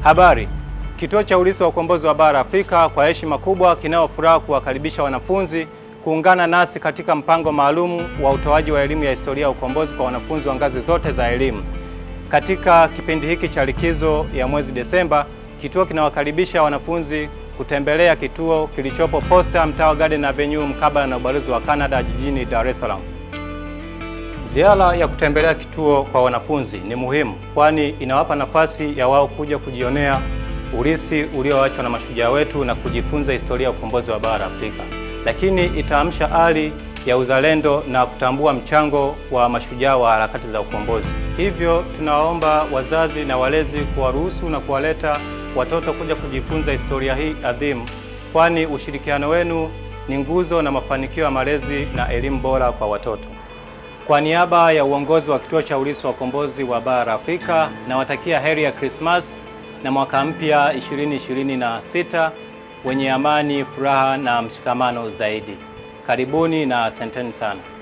Habari. Kituo cha Ulisi wa Ukombozi wa Bara Afrika kwa heshima kubwa kinao furaha kuwakaribisha wanafunzi kuungana nasi katika mpango maalum wa utoaji wa elimu ya historia ya ukombozi kwa wanafunzi wa ngazi zote za elimu. Katika kipindi hiki cha likizo ya mwezi Desemba, kituo kinawakaribisha wanafunzi kutembelea kituo kilichopo Posta, mtaa wa Garden Avenue, mkabala na ubalozi wa Canada jijini Dar es Salaam. Ziara ya kutembelea kituo kwa wanafunzi ni muhimu, kwani inawapa nafasi ya wao kuja kujionea urithi ulioachwa na mashujaa wetu na kujifunza historia ya ukombozi wa bara Afrika, lakini itaamsha ari ya uzalendo na kutambua mchango wa mashujaa wa harakati za ukombozi. Hivyo tunawaomba wazazi na walezi kuwaruhusu na kuwaleta watoto kuja kujifunza historia hii adhimu, kwani ushirikiano wenu ni nguzo na mafanikio ya malezi na elimu bora kwa watoto. Kwa niaba ya uongozi wa kituo cha urithi wa ukombozi wa bara Afrika, nawatakia heri ya Krismas na mwaka mpya 2026 wenye amani, furaha na mshikamano zaidi. Karibuni na asanteni sana.